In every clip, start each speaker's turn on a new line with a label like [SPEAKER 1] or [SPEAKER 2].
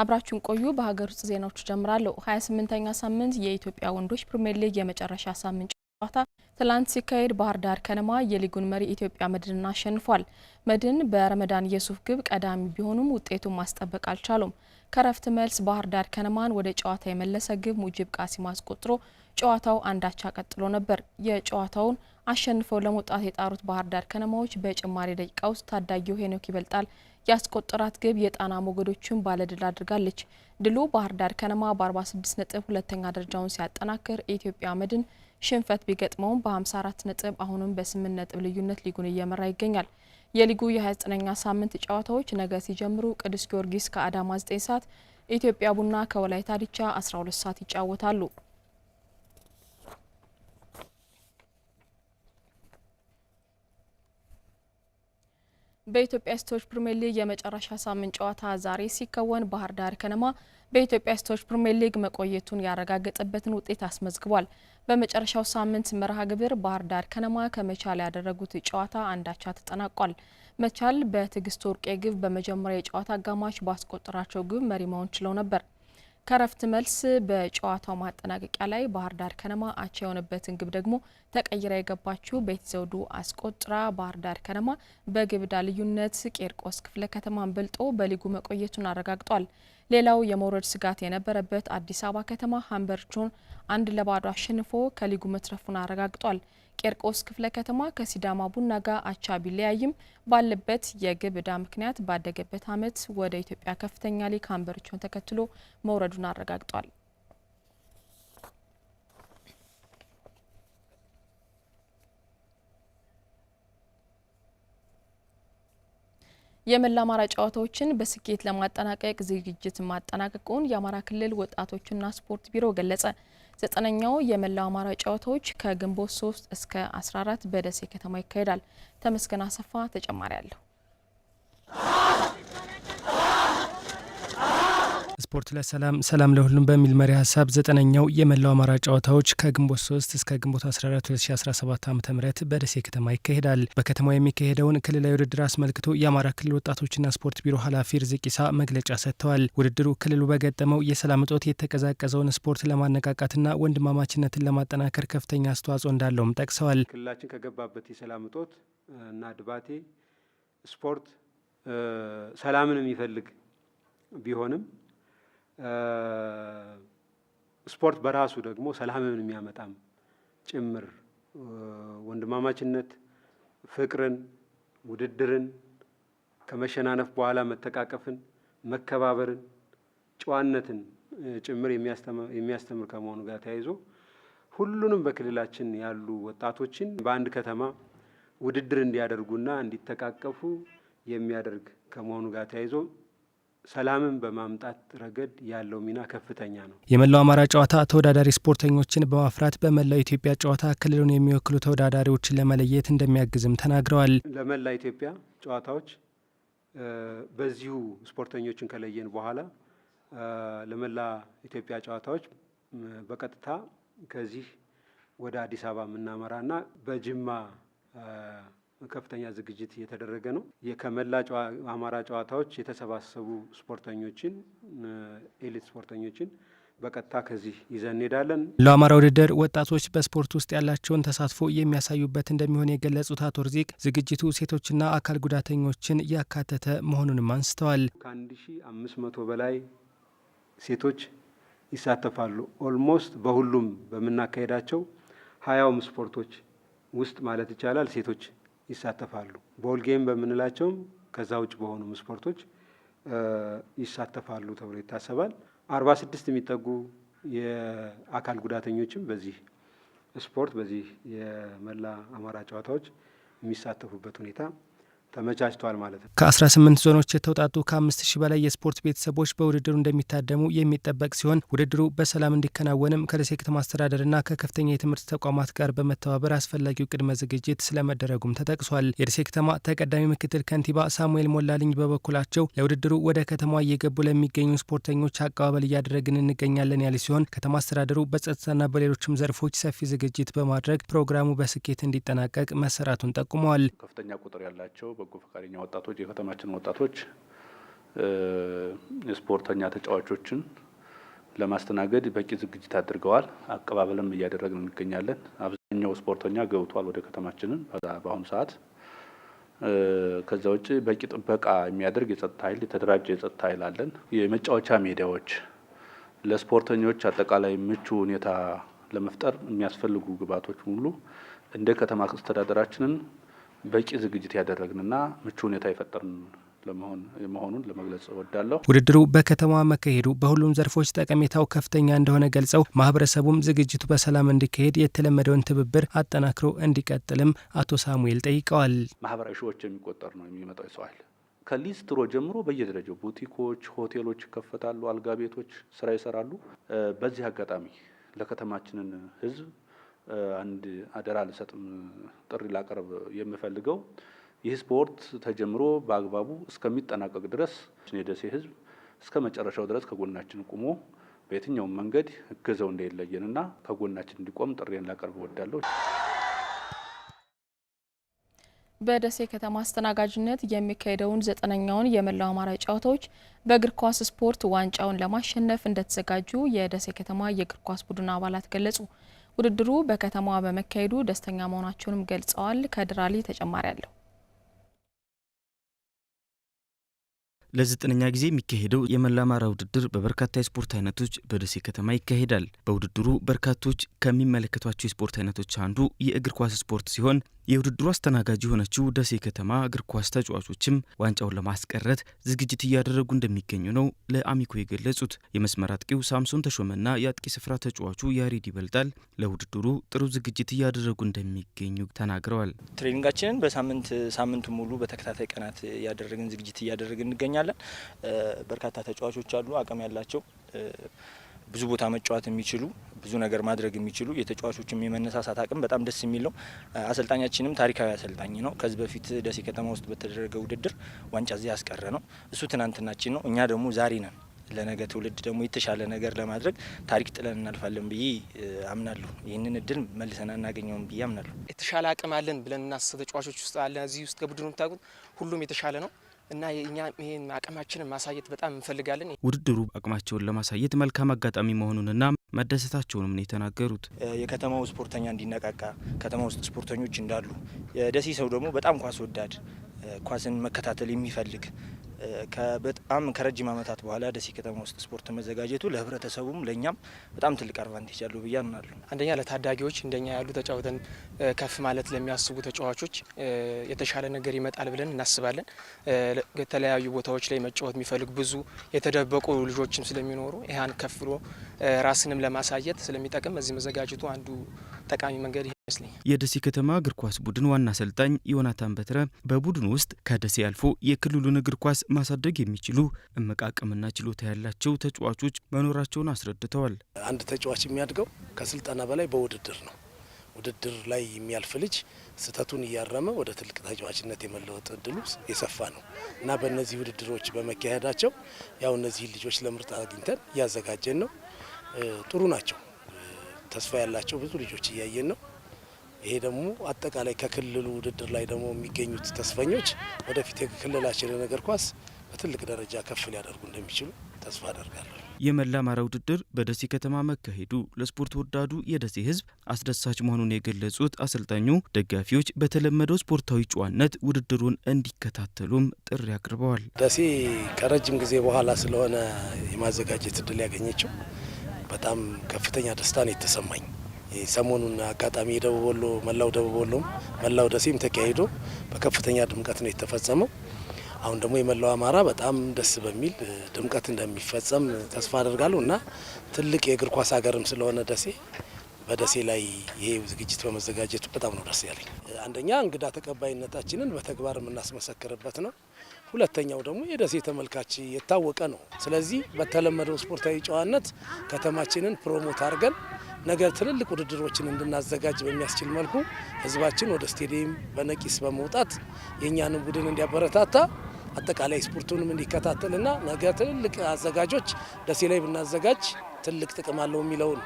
[SPEAKER 1] አብራችሁን ቆዩ። በሀገር ውስጥ ዜናዎች ጀምራለሁ። 28ኛ ሳምንት የኢትዮጵያ ወንዶች ፕሪምየር ሊግ የመጨረሻ ሳምንት ጨዋታ ትላንት ሲካሄድ ባህር ዳር ከነማ የሊጉን መሪ ኢትዮጵያ መድንን አሸንፏል። መድን በረመዳን የሱፍ ግብ ቀዳሚ ቢሆኑም ውጤቱን ማስጠበቅ አልቻሉም። ከረፍት መልስ ባህር ዳር ከነማን ወደ ጨዋታ የመለሰ ግብ ሙጂብ ቃሲም አስቆጥሮ ጨዋታው አንዳቻ ቀጥሎ ነበር። የጨዋታውን አሸንፈው ለመውጣት የጣሩት ባህር ዳር ከነማዎች በጭማሪ ደቂቃ ውስጥ ታዳጊው ሄኖክ ይበልጣል ያስቆጠራት ግብ የጣና ሞገዶችን ባለድል አድርጋለች። ድሉ ባህር ዳር ከነማ በ46 ነጥብ ሁለተኛ ደረጃውን ሲያጠናክር የኢትዮጵያ መድን ሽንፈት ቢገጥመውም በ54 ነጥብ አሁንም በ8 ነጥብ ልዩነት ሊጉን እየመራ ይገኛል። የሊጉ የ29ኛ ሳምንት ጨዋታዎች ነገ ሲጀምሩ ቅዱስ ጊዮርጊስ ከአዳማ 9 ሰዓት፣ ኢትዮጵያ ቡና ከወላይታ ዲቻ 12 ሰዓት ይጫወታሉ። በኢትዮጵያ ሴቶች ፕሪምየር ሊግ የመጨረሻ ሳምንት ጨዋታ ዛሬ ሲከወን ባህር ዳር ከነማ በኢትዮጵያ ሴቶች ፕሪምየር ሊግ መቆየቱን ያረጋገጠበትን ውጤት አስመዝግቧል። በመጨረሻው ሳምንት መርሃ ግብር ባህር ዳር ከነማ ከመቻል ያደረጉት ጨዋታ አንዳቻ ተጠናቋል። መቻል በትዕግስት ወርቄ ግብ በመጀመሪያ የጨዋታ አጋማሽ ባስቆጠራቸው ግብ መሪ መሆን ችለው ነበር። ከረፍት መልስ በጨዋታው ማጠናቀቂያ ላይ ባህር ዳር ከነማ አቻ የሆነበትን ግብ ደግሞ ተቀይራ የገባችው ቤት ዘውዱ አስቆጥራ ባህር ዳር ከነማ በግብዳ ልዩነት ቄርቆስ ክፍለ ከተማን በልጦ በሊጉ መቆየቱን አረጋግጧል። ሌላው የመውረድ ስጋት የነበረበት አዲስ አበባ ከተማ ሀምበርቾን አንድ ለባዶ አሸንፎ ከሊጉ መትረፉን አረጋግጧል። ቄርቆስ ክፍለ ከተማ ከሲዳማ ቡና ጋር አቻ ቢለያይም ባለበት የግብ ዕዳ ምክንያት ባደገበት ዓመት ወደ ኢትዮጵያ ከፍተኛ ሊግ ሀምበሪቾን ተከትሎ መውረዱን አረጋግጧል። የመላ አማራ ጨዋታዎችን በስኬት ለማጠናቀቅ ዝግጅት ማጠናቀቁን የአማራ ክልል ወጣቶችና ስፖርት ቢሮ ገለጸ። ዘጠነኛው የመላው አማራ ጨዋታዎች ከግንቦት 3 እስከ 14 በደሴ ከተማ ይካሄዳል። ተመስገን አሰፋ ተጨማሪ አለሁ።
[SPEAKER 2] ስፖርት ለሰላም ሰላም ለሁሉም በሚል መሪ ሀሳብ ዘጠነኛው የመላው አማራ ጨዋታዎች ከግንቦት 3 እስከ ግንቦት 14 2017 ዓ ም በደሴ ከተማ ይካሄዳል። በከተማው የሚካሄደውን ክልላዊ ውድድር አስመልክቶ የአማራ ክልል ወጣቶችና ስፖርት ቢሮ ኃላፊ ርዝቂሳ መግለጫ ሰጥተዋል። ውድድሩ ክልሉ በገጠመው የሰላም እጦት የተቀዛቀዘውን ስፖርት ለማነቃቃትና ወንድማማችነትን ለማጠናከር ከፍተኛ አስተዋጽኦ እንዳለውም ጠቅሰዋል።
[SPEAKER 3] ክልላችን ከገባበት የሰላም እጦት እና ድባቴ ስፖርት ሰላምን የሚፈልግ ቢሆንም ስፖርት በራሱ ደግሞ ሰላምን የሚያመጣም ጭምር ወንድማማችነት፣ ፍቅርን፣ ውድድርን፣ ከመሸናነፍ በኋላ መተቃቀፍን፣ መከባበርን፣ ጨዋነትን ጭምር የሚያስተምር ከመሆኑ ጋር ተያይዞ ሁሉንም በክልላችን ያሉ ወጣቶችን በአንድ ከተማ ውድድር እንዲያደርጉና እንዲተቃቀፉ የሚያደርግ ከመሆኑ ጋር ተያይዞ ሰላምን በማምጣት ረገድ ያለው ሚና ከፍተኛ ነው።
[SPEAKER 2] የመላው አማራ ጨዋታ ተወዳዳሪ ስፖርተኞችን በማፍራት በመላው ኢትዮጵያ ጨዋታ ክልሉን የሚወክሉ ተወዳዳሪዎችን ለመለየት እንደሚያግዝም ተናግረዋል።
[SPEAKER 3] ለመላ ኢትዮጵያ ጨዋታዎች በዚሁ ስፖርተኞችን ከለየን በኋላ ለመላ ኢትዮጵያ ጨዋታዎች በቀጥታ ከዚህ ወደ አዲስ አበባ የምናመራና በጅማ ከፍተኛ ዝግጅት እየተደረገ ነው። ከመላ አማራ ጨዋታዎች የተሰባሰቡ ስፖርተኞችን ኤሊት ስፖርተኞችን በቀጥታ ከዚህ ይዘን እንሄዳለን።
[SPEAKER 2] ለአማራ ውድድር ወጣቶች በስፖርት ውስጥ ያላቸውን ተሳትፎ የሚያሳዩበት እንደሚሆን የገለጹት አቶ ርዚቅ ዝግጅቱ ሴቶችና አካል ጉዳተኞችን ያካተተ መሆኑንም አንስተዋል።
[SPEAKER 3] ከአንድ ሺ አምስት መቶ በላይ ሴቶች ይሳተፋሉ። ኦልሞስት በሁሉም በምናካሄዳቸው ሀያውም ስፖርቶች ውስጥ ማለት ይቻላል ሴቶች ይሳተፋሉ። ቦልጌም በምንላቸውም ከዛ ውጭ በሆኑም ስፖርቶች ይሳተፋሉ ተብሎ ይታሰባል። አርባ ስድስት የሚጠጉ የአካል ጉዳተኞችም በዚህ ስፖርት በዚህ የመላ አማራ ጨዋታዎች የሚሳተፉበት ሁኔታ ተመቻችቷል ማለት ነው
[SPEAKER 2] ከአስራ ስምንት ዞኖች የተውጣጡ ከአምስት ሺህ በላይ የስፖርት ቤተሰቦች በውድድሩ እንደሚታደሙ የሚጠበቅ ሲሆን ውድድሩ በሰላም እንዲከናወንም ከደሴ ከተማ አስተዳደርና ከከፍተኛ የትምህርት ተቋማት ጋር በመተባበር አስፈላጊው ቅድመ ዝግጅት ስለመደረጉም ተጠቅሷል። የደሴ ከተማ ተቀዳሚ ምክትል ከንቲባ ሳሙኤል ሞላልኝ በበኩላቸው ለውድድሩ ወደ ከተማ እየገቡ ለሚገኙ ስፖርተኞች አቀባበል እያደረግን እንገኛለን ያለ ሲሆን ከተማ አስተዳደሩ በጸጥታና በሌሎችም ዘርፎች ሰፊ ዝግጅት በማድረግ ፕሮግራሙ በስኬት እንዲጠናቀቅ መሰራቱን ጠቁመዋል።
[SPEAKER 3] ከፍተኛ ቁጥር ያላቸው በጎ ፈቃደኛ ወጣቶች የከተማችን ወጣቶች የስፖርተኛ ተጫዋቾችን ለማስተናገድ በቂ ዝግጅት አድርገዋል። አቀባበልም እያደረግን እንገኛለን። አብዛኛው ስፖርተኛ ገብቷል ወደ ከተማችንን በአሁኑ ሰዓት። ከዛ ውጭ በቂ ጥበቃ የሚያደርግ የጸጥታ ኃይል የተደራጀ የጸጥታ ኃይል አለን። የመጫወቻ ሜዳዎች ለስፖርተኞች አጠቃላይ ምቹ ሁኔታ ለመፍጠር የሚያስፈልጉ ግብዓቶች ሁሉ እንደ ከተማ አስተዳደራችንን በቂ ዝግጅት ያደረግንና ምቹ ሁኔታ የፈጠርን መሆኑን ለመግለጽ እወዳለሁ።
[SPEAKER 2] ውድድሩ በከተማ መካሄዱ በሁሉም ዘርፎች ጠቀሜታው ከፍተኛ እንደሆነ ገልጸው ማህበረሰቡም ዝግጅቱ በሰላም እንዲካሄድ የተለመደውን ትብብር አጠናክሮ እንዲቀጥልም አቶ ሳሙኤል ጠይቀዋል።
[SPEAKER 3] ማህበራዊ ሺዎች የሚቆጠር ነው የሚመጣው ይሰዋል ከሊስትሮ ጀምሮ በየደረጃው ቡቲኮች፣ ሆቴሎች ይከፈታሉ፣ አልጋ ቤቶች ስራ ይሰራሉ። በዚህ አጋጣሚ ለከተማችንን ህዝብ አንድ አደራ ልሰጥም ጥሪ ላቀርብ የምፈልገው ይህ ስፖርት ተጀምሮ በአግባቡ እስከሚጠናቀቅ ድረስ የደሴ ህዝብ እስከ መጨረሻው ድረስ ከጎናችን ቁሞ በየትኛውም መንገድ እገዘው እንዳይለየንና ከጎናችን እንዲቆም ጥሬን ላቀርብ እወዳለሁ።
[SPEAKER 1] በደሴ ከተማ አስተናጋጅነት የሚካሄደውን ዘጠነኛውን የመላው አማራ ጨዋታዎች በእግር ኳስ ስፖርት ዋንጫውን ለማሸነፍ እንደተዘጋጁ የደሴ ከተማ የእግር ኳስ ቡድን አባላት ገለጹ። ውድድሩ በከተማዋ በመካሄዱ ደስተኛ መሆናቸውንም ገልጸዋል። ከድራሊ ተጨማሪ አለው።
[SPEAKER 2] ለዘጠነኛ ጊዜ የሚካሄደው የመላ አማራ ውድድር በበርካታ የስፖርት አይነቶች በደሴ ከተማ ይካሄዳል። በውድድሩ በርካቶች ከሚመለከቷቸው የስፖርት አይነቶች አንዱ የእግር ኳስ ስፖርት ሲሆን የውድድሩ አስተናጋጅ የሆነችው ደሴ ከተማ እግር ኳስ ተጫዋቾችም ዋንጫውን ለማስቀረት ዝግጅት እያደረጉ እንደሚገኙ ነው ለአሚኮ የገለጹት። የመስመር አጥቂው ሳምሶን ተሾመና የአጥቂ ስፍራ ተጫዋቹ ያሬድ ይበልጣል ለውድድሩ ጥሩ ዝግጅት እያደረጉ እንደሚገኙ ተናግረዋል።
[SPEAKER 4] ትሬኒንጋችንን በሳምንት ሳምንቱ ሙሉ በተከታታይ ቀናት እያደረግን ዝግጅት እያደረግን እንገኛለን። በርካታ ተጫዋቾች አሉ አቅም ያላቸው ብዙ ቦታ መጫወት የሚችሉ ብዙ ነገር ማድረግ የሚችሉ የተጫዋቾችም የመነሳሳት አቅም በጣም ደስ የሚል ነው። አሰልጣኛችንም ታሪካዊ አሰልጣኝ ነው። ከዚህ በፊት ደሴ ከተማ ውስጥ በተደረገ ውድድር ዋንጫ እዚህ ያስቀረ ነው። እሱ ትናንትናችን ነው። እኛ ደግሞ ዛሬ ነን። ለነገ ትውልድ ደግሞ የተሻለ ነገር ለማድረግ ታሪክ ጥለን እናልፋለን ብዬ አምናለሁ። ይህንን እድል መልሰን አናገኘውም ብዬ አምናለሁ።
[SPEAKER 5] የተሻለ አቅም አለን ብለን እናስብ ተጫዋቾች ውስጥ አለ እዚህ ውስጥ ከቡድኑ ታቁት ሁሉም የተሻለ ነው። እና እኛ ይህን አቅማችንን ማሳየት በጣም እንፈልጋለን።
[SPEAKER 2] ውድድሩ አቅማቸውን ለማሳየት መልካም አጋጣሚ መሆኑንና መደሰታቸውንም ነው የተናገሩት።
[SPEAKER 6] የከተማው ስፖርተኛ እንዲነቃቃ ከተማ ውስጥ ስፖርተኞች እንዳሉ፣ ደሴ ሰው ደግሞ በጣም ኳስ ወዳድ ኳስን መከታተል የሚፈልግ በጣም ከረጅም ዓመታት በኋላ ደሴ ከተማ ውስጥ ስፖርት መዘጋጀቱ ለህብረተሰቡም ለእኛም በጣም ትልቅ አድቫንቴጅ ያለው ብዬ አምናለሁ።
[SPEAKER 7] አንደኛ ለታዳጊዎች እንደኛ ያሉ ተጫውተን ከፍ ማለት ለሚያስቡ ተጫዋቾች የተሻለ ነገር ይመጣል ብለን እናስባለን። የተለያዩ ቦታዎች ላይ መጫወት የሚፈልግ ብዙ የተደበቁ ልጆችም ስለሚኖሩ ይህን ከፍሎ ራስንም ለማሳየት ስለሚጠቅም እዚህ መዘጋጀቱ አንዱ ጠቃሚ መንገድ ይመስለኛል።
[SPEAKER 2] የደሴ ከተማ እግር ኳስ ቡድን ዋና አሰልጣኝ ዮናታን በትረ በቡድኑ ውስጥ ከደሴ አልፎ የክልሉን እግር ኳስ ማሳደግ የሚችሉ እመቃቅምና ችሎታ ያላቸው ተጫዋቾች መኖራቸውን አስረድተዋል።
[SPEAKER 8] አንድ ተጫዋች የሚያድገው ከስልጠና በላይ በውድድር ነው። ውድድር ላይ የሚያልፍ ልጅ ስህተቱን እያረመ ወደ ትልቅ ተጫዋችነት የመለወጥ እድሉ የሰፋ ነው እና በእነዚህ ውድድሮች በመካሄዳቸው ያው እነዚህን ልጆች ለምርጥ አግኝተን እያዘጋጀን ነው። ጥሩ ናቸው። ተስፋ ያላቸው ብዙ ልጆች እያየን ነው። ይሄ ደግሞ አጠቃላይ ከክልሉ ውድድር ላይ ደግሞ የሚገኙት ተስፈኞች ወደፊት የክልላችን የእግር ኳስ በትልቅ ደረጃ ከፍ ሊያደርጉ እንደሚችሉ ተስፋ አደርጋለሁ።
[SPEAKER 2] የመላ አማራ ውድድር በደሴ ከተማ መካሄዱ ለስፖርት ወዳዱ የደሴ ሕዝብ አስደሳች መሆኑን የገለጹት አሰልጣኙ ደጋፊዎች በተለመደው ስፖርታዊ ጨዋነት ውድድሩን እንዲከታተሉም ጥሪ አቅርበዋል።
[SPEAKER 8] ደሴ ከረጅም ጊዜ በኋላ ስለሆነ የማዘጋጀት እድል ያገኘችው በጣም ከፍተኛ ደስታ ነው የተሰማኝ። ሰሞኑን አጋጣሚ የደቡብ ወሎ መላው ደቡብ ወሎም መላው ደሴም ተካሂዶ በከፍተኛ ድምቀት ነው የተፈጸመው። አሁን ደግሞ የመላው አማራ በጣም ደስ በሚል ድምቀት እንደሚፈጸም ተስፋ አደርጋለሁ እና ትልቅ የእግር ኳስ ሀገርም ስለሆነ ደሴ በደሴ ላይ ይሄ ዝግጅት በመዘጋጀቱ በጣም ነው ደስ ያለኝ።
[SPEAKER 9] አንደኛ እንግዳ ተቀባይነታችንን በተግባር የምናስመሰክርበት ነው። ሁለተኛው ደግሞ የደሴ ተመልካች የታወቀ ነው። ስለዚህ በተለመደው ስፖርታዊ ጨዋነት ከተማችንን ፕሮሞት አድርገን ነገ ትልልቅ ውድድሮችን እንድናዘጋጅ በሚያስችል መልኩ ህዝባችን ወደ ስቴዲየም በነቂስ በመውጣት የእኛንም ቡድን እንዲያበረታታ አጠቃላይ ስፖርቱንም እንዲከታተልና ነገ ትልልቅ አዘጋጆች ደሴ ላይ ብናዘጋጅ ትልቅ ጥቅም አለው የሚለውን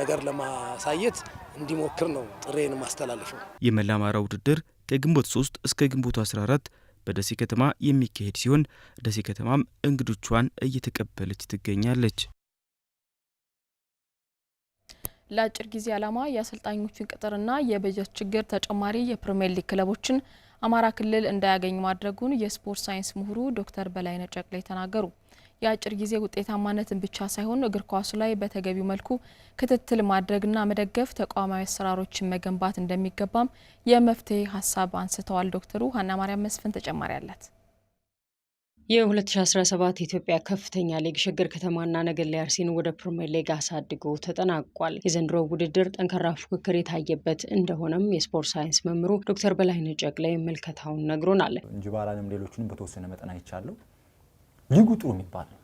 [SPEAKER 9] ነገር ለማሳየት እንዲሞክር ነው ጥሬን ማስተላለፈው።
[SPEAKER 2] የመላ አማራ ውድድር ከግንቦት 3 እስከ ግንቦት 14 በደሴ ከተማ የሚካሄድ ሲሆን ደሴ ከተማም እንግዶቿን እየተቀበለች ትገኛለች።
[SPEAKER 10] ለአጭር ጊዜ ዓላማ የአሰልጣኞችን ቅጥርና የበጀት ችግር ተጨማሪ የፕሪምየር ሊግ ክለቦችን አማራ ክልል እንዳያገኝ ማድረጉን የስፖርት ሳይንስ ምሁሩ ዶክተር በላይነህ ጨቅሌ ተናገሩ። የአጭር ጊዜ ውጤታማነትን ብቻ ሳይሆን እግር ኳሱ ላይ በተገቢው መልኩ ክትትል ማድረግና መደገፍ፣ ተቋማዊ አሰራሮችን መገንባት እንደሚገባም የመፍትሄ ሀሳብ አንስተዋል። ዶክተሩ ሀና ማርያም መስፍን ተጨማሪ አላት።
[SPEAKER 11] የ2017 ኢትዮጵያ ከፍተኛ ሊግ ሸገር ከተማና ነገሌ አርሲን ወደ ፕሪምየር ሊግ አሳድጎ ተጠናቋል። የዘንድሮ ውድድር ጠንካራ ፉክክር የታየበት እንደሆነም የስፖርት ሳይንስ መምህሩ ዶክተር በላይነህ ጨቅላይ ምልከታውን ነግሮናል።
[SPEAKER 12] እንጅባራንም ሌሎችንም በተወሰነ መጠን አይቻለሁ። ሊጉ ጥሩ የሚባል ነው።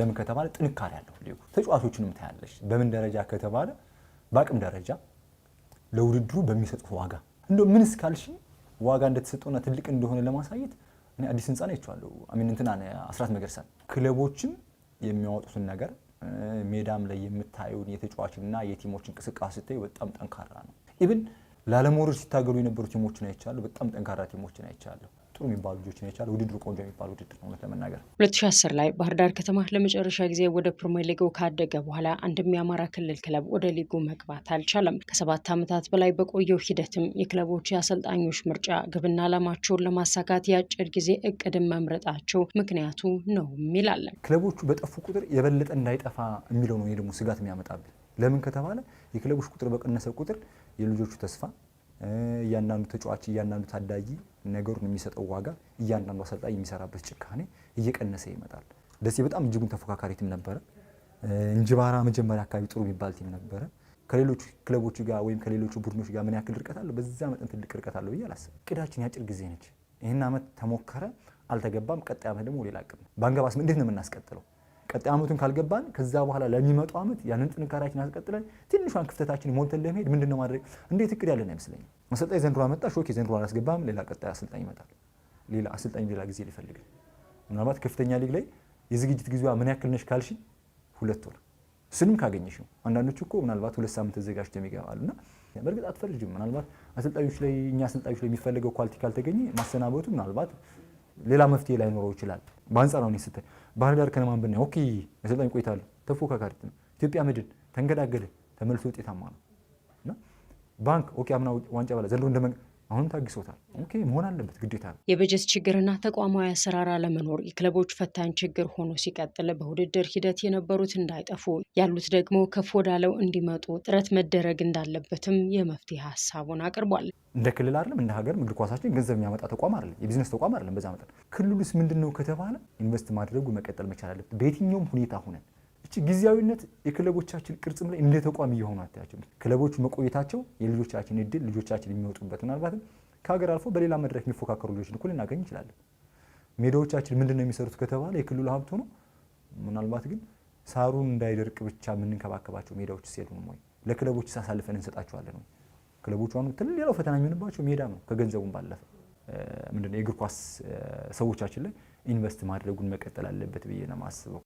[SPEAKER 12] ለምን ከተባለ ጥንካሬ ያለው ሊጉ ተጫዋቾችንም ታያለች። በምን ደረጃ ከተባለ በአቅም ደረጃ ለውድድሩ በሚሰጡት ዋጋ እንደ ምን እስካልሽ ዋጋ እንደተሰጠውና ትልቅ እንደሆነ ለማሳየት እኔ አዲስ ህንፃ ነው ይቸዋለሁ አሚን እንትና አስራት መገርሰን ክለቦችም የሚያወጡትን ነገር ሜዳም ላይ የምታየውን የተጫዋችና የቲሞች እንቅስቃሴ ስታዩ በጣም ጠንካራ ነው። ኢብን ላለመውረድ ሲታገሉ የነበሩ ቲሞችን አይቻለሁ። በጣም ጠንካራ ቲሞችን አይቻለሁ። ጥሩ የሚባሉ ልጆችን የቻለ ውድድሩ ቆንጆ የሚባል ውድድር ነው። ለመናገር
[SPEAKER 13] 2010 ላይ ባህር ዳር ከተማ ለመጨረሻ ጊዜ ወደ ፕሪሚየር ሊጉ ካደገ በኋላ አንድም የአማራ ክልል ክለብ ወደ ሊጉ መግባት አልቻለም። ከሰባት ዓመታት በላይ በቆየው ሂደትም የክለቦች የአሰልጣኞች ምርጫ ግብና ዓላማቸውን ለማሳካት የአጭር ጊዜ እቅድን መምረጣቸው ምክንያቱ ነው ይላለን።
[SPEAKER 12] ክለቦቹ በጠፉ ቁጥር የበለጠ እንዳይጠፋ የሚለው ነው ደግሞ ስጋት የሚያመጣብን። ለምን ከተባለ የክለቦች ቁጥር በቀነሰ ቁጥር የልጆቹ ተስፋ እያንዳንዱ ተጫዋች እያንዳንዱ ታዳጊ ነገሩን የሚሰጠው ዋጋ እያንዳንዱ አሰልጣኝ የሚሰራበት ጭካኔ እየቀነሰ ይመጣል። ደሴ በጣም እጅጉን ተፎካካሪ ቲም ነበረ። እንጅባራ መጀመሪያ አካባቢ ጥሩ የሚባል ቲም ነበረ። ከሌሎቹ ክለቦች ጋር ወይም ከሌሎቹ ቡድኖች ጋር ምን ያክል ርቀት አለው? በዛ መጠን ትልቅ ርቀት አለው ብዬ አላስብ። እቅዳችን ያጭር ጊዜ ነች። ይህን ዓመት ተሞከረ፣ አልተገባም። ቀጣይ አመት ደግሞ ሌላ እቅድ ባንገባስ እንዴት ነው የምናስቀጥለው? ቀጣይ አመቱን ካልገባን ከዛ በኋላ ለሚመጣው አመት ያንን ጥንካሬያችን አስቀጥለን ትንሿን ክፍተታችን ሞልተን ለመሄድ ምንድን ነው ማድረግ እንዴት እቅድ ያለን አይመስለኝ። አሰልጣኝ ዘንድሮ አመጣ ሾክ የዘንድሮ አላስገባም፣ ሌላ ቀጣይ አሰልጣኝ ይመጣል። ሌላ አሰልጣኝ ሌላ ጊዜ ሊፈልግን ምናልባት ከፍተኛ ሊግ ላይ የዝግጅት ጊዜዋ ምን ያክል ነሽ ካልሽ ሁለት ወር ስንም ካገኘሽ ነው። አንዳንዶች እኮ ምናልባት ሁለት ሳምንት ተዘጋጅቶ የሚገባሉ እና በእርግጥ አትፈልጅም። ምናልባት አሰልጣኞች ላይ እኛ አሰልጣኞች ላይ የሚፈለገው ኳሊቲ ካልተገኘ ማሰናበቱ ምናልባት ሌላ መፍትሄ ላይኖረው ይችላል። በአንጻራዊ ስታይ ባህር ዳር ከነማን ብናይ ኦኬ አሰልጣኝ ቆይታ ተፎ ተፎካካሪት ነው። ኢትዮጵያ መድን ተንገዳገደ፣ ተመልሶ ውጤታማ ነው እና ባንክ ኦኬ አምና ዋንጫ በላ ዘንድሮ አሁን ታግሶታል። ኦኬ መሆን አለበት ግዴታ ነው።
[SPEAKER 13] የበጀት ችግርና ተቋማዊ አሰራር አለመኖር የክለቦች ፈታኝ ችግር ሆኖ ሲቀጥል በውድድር ሂደት የነበሩት እንዳይጠፉ ያሉት ደግሞ ከፍ ወዳለው እንዲመጡ ጥረት መደረግ እንዳለበትም የመፍትሄ ሀሳቡን አቅርቧል።
[SPEAKER 12] እንደ ክልል አይደለም እንደ ሀገር እግር ኳሳችን ገንዘብ የሚያመጣ ተቋም አይደለም፣ የቢዝነስ ተቋም አይደለም። በዛ መጠን ክልሉስ ምንድን ነው ከተባለ ኢንቨስት ማድረጉ መቀጠል መቻል አለበት በየትኛውም ሁኔታ ሁነን ጊዜያዊነት የክለቦቻችን ቅርጽም ላይ እንደ ተቋም እየሆኑ አታያቸው። ክለቦች መቆየታቸው የልጆቻችን እድል ልጆቻችን የሚወጡበት ምናልባትም ከሀገር አልፎ በሌላ መድረክ የሚፎካከሩ ልጆችን እኩል ልናገኝ እንችላለን። ሜዳዎቻችን ምንድን ነው የሚሰሩት ከተባለ የክልሉ ሀብት ሆኖ ምናልባት ግን ሳሩን እንዳይደርቅ ብቻ የምንንከባከባቸው ሜዳዎች ሲሄዱም ወይ ለክለቦች ሳሳልፈን እንሰጣቸዋለን ወይ? ክለቦቹ አሁን ሌላው ፈተና የሚሆንባቸው ሜዳ ነው። ከገንዘቡን ባለፈ ምንድነው የእግር ኳስ ሰዎቻችን ላይ ኢንቨስት ማድረጉን መቀጠል አለበት ብዬ ነው የማስበው።